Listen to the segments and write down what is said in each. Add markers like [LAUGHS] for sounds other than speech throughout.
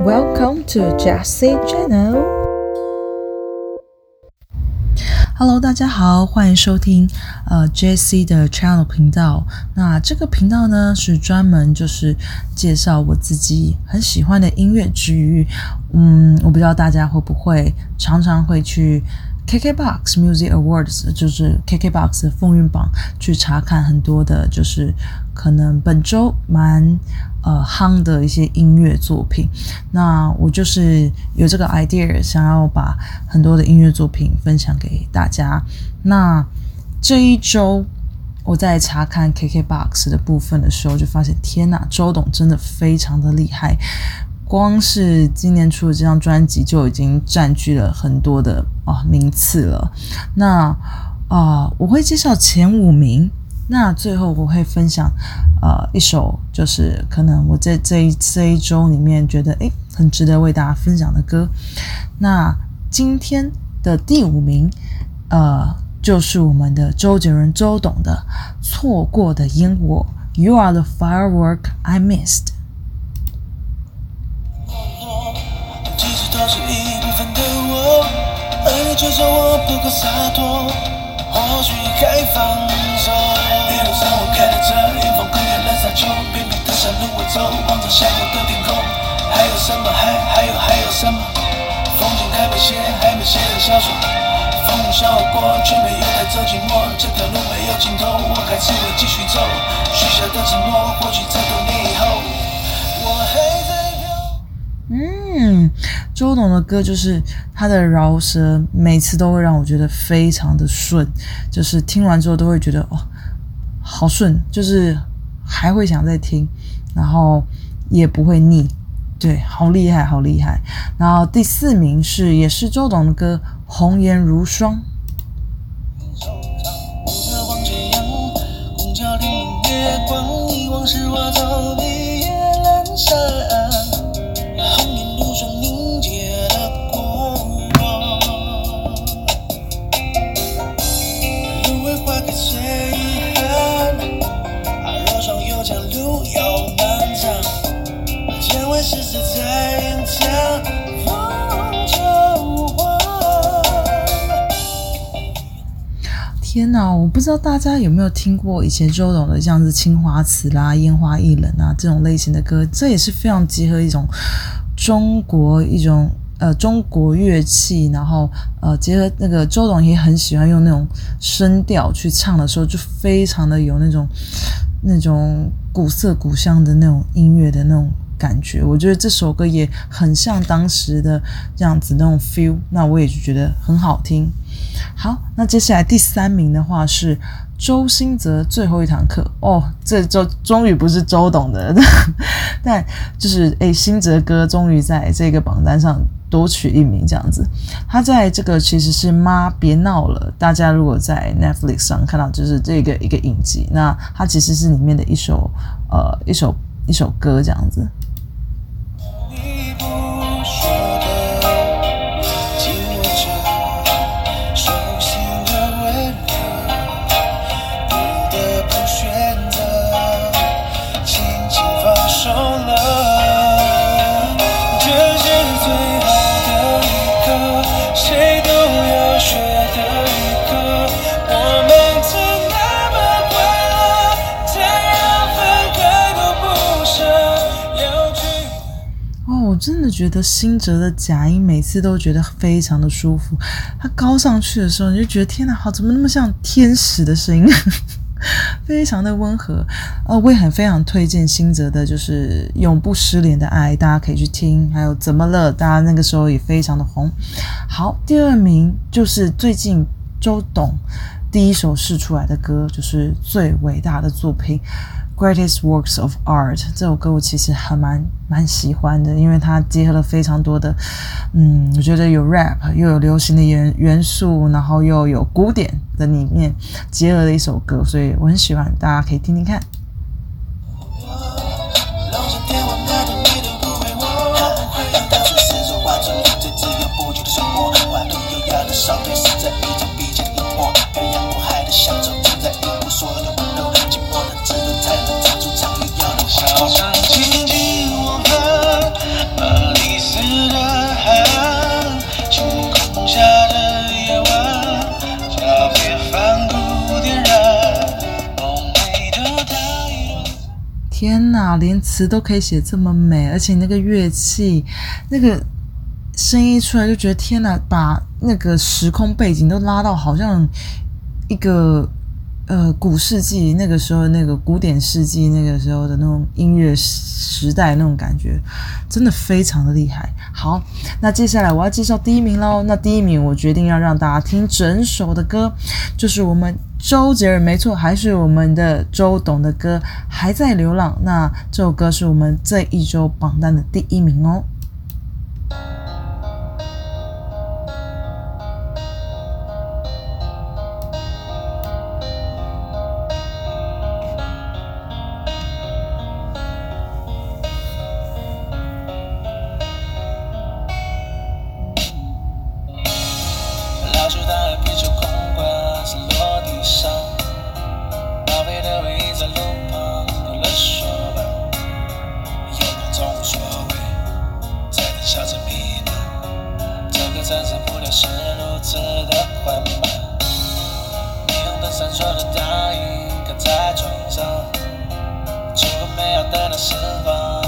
Welcome to JC Channel. Hello，大家好，歡迎收聽呃 JC 的 Channel 頻道。那這個頻道呢，是專門就是介紹我自己很喜歡的音樂之餘，嗯，我不知道大家會不會常常會去 KKBox Music Awards，就是 KKBox 的風雲榜去查看很多的，就是。可能本週蠻呃夯的一些音樂作品，那我就是有這個 idea 想要把很多的音樂作品分享給大家。那這一周我在查看 KKBOX 的部分的時候，就發現天吶，周董真的非常的厲害，光是今年出的這張專輯就已經佔據了很多的啊、呃、名次了。那啊、呃，我會介紹前五名。那最後我會分享，呃，一首就是可能我在這一這一周裡面覺得哎、欸、很值得為大家分享的歌。那今天的第五名，呃，就是我們的周杰倫周董的《錯過的煙火》，You are the firework I missed。或許該放手。一路上我開着車，迎風橫越了沙丘，偏僻的山路我走，望着霞光的天空。還有什麼？還還有還有什麼？風景還沒寫，還沒寫的小說。風呼嘯而過，卻沒有帶走寂寞。這條路沒有盡頭，我還是會繼續走。許下的承諾，或許在多年以後。我。嗯，周董的歌就是他的饒舌，每次都會讓我覺得非常的順，就是聽完之後都會覺得哇、哦，好順，就是還會想再聽，然後也不會膩，對，好厲害，好厲害。然後第四名是也是周董的歌《紅顏如霜》嗯。嗯天哪！我不知道大家有沒有聽過以前周董的這樣子清、啊，像是、啊《青花瓷》啦，《煙花易冷》啊這種類型的歌，這也是非常結合一種中國一種呃中國樂器，然後呃結合那個周董也很喜歡用那種聲調去唱的時候，就非常的有那種那種古色古香的那種音樂的那種。感覺，我覺得這首歌也很像當時的這樣子那種 feel，那我也就覺得很好聽。好，那接下來第三名的話是周興哲《最後一堂課》哦，這週終於不是周董的，但就是哎，興哲哥終於在這個榜單上奪取一名這樣子。他在這個其實是媽別鬧了，大家如果在 Netflix 上看到就是這個一個影集，那他其實是裡面的一首呃一首一首歌這樣子。覺得興哲的假音每次都覺得非常的舒服，他高上去的時候，你就覺得天哪好，好怎麼那麼像天使的聲音， [LAUGHS] 非常的溫和。呃，我也很非常推薦興哲的，就是《永不失聯的愛》，大家可以去聽。還有《怎麼了》，大家那個時候也非常的紅。好，第二名就是最近周董第一首釋出來的歌，就是最偉大的作品。Greatest Works of Art 這首歌我其實還蠻蠻喜歡的，因為它結合了非常多的，嗯，我覺得有 rap 又有流行的元元素，然後又有古典的裡面結合的一首歌，所以我很喜歡，大家可以聽聽看。 [MUSIC] 天吶，連詞都可以寫這麼美，而且那個樂器，那個聲音出來就覺得天吶，把那個時空背景都拉到好像一個。呃，古世紀那個時候，那個古典世紀那個時候的那種音樂時代那種感覺，真的非常的厲害。好，那接下來我要介紹第一名嘍。那第一名我決定要讓大家聽整首的歌，就是我們周杰倫，沒錯，還是我們的周董的歌《還在流浪》。那這首歌是我們這一周榜單的第一名哦。霓虹燈閃爍的倒影靠在窗上，錯過美好的那時光。 [MUSIC] [MUSIC]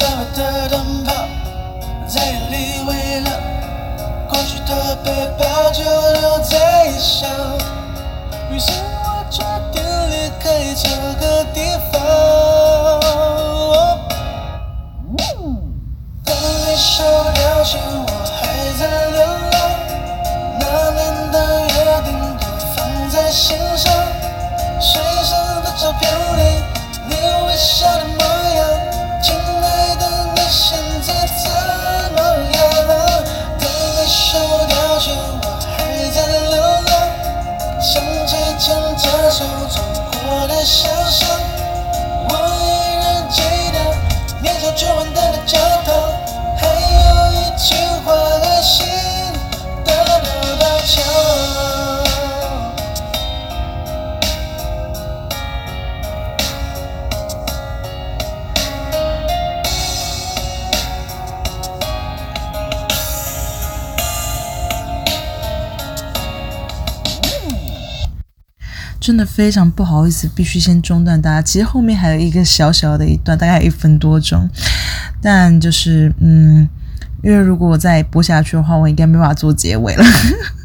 窗外的燈泡在夜裡微亮，過去的背包就留在異鄉，於是我決定離開這個地方，哦。當你收到信，我還在流浪，那年的約定都放在心上，隨身的照片裡，你微笑的。走過的小巷。真的非常不好意思，必須先中斷大家。其實後面還有一個小小的一段，大概有一分多鐘，但就是嗯，因為如果我再播下去的話，我應該沒辦法做結尾了。 [LAUGHS]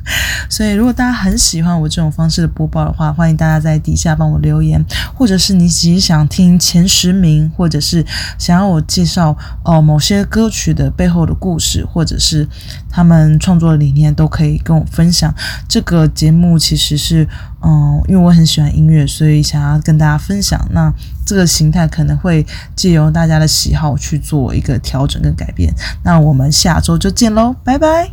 所以，如果大家很喜歡我這種方式的播報的話，歡迎大家在底下幫我留言，或者是你只是想聽前十名，或者是想要我介紹哦、呃、某些歌曲的背後的故事，或者是他們創作的理念，都可以跟我分享。這個節目其實是嗯、呃，因為我很喜歡音樂，所以想要跟大家分享。那這個形態可能會借由大家的喜好去做一個調整跟改變。那我們下周就見嘍，拜拜。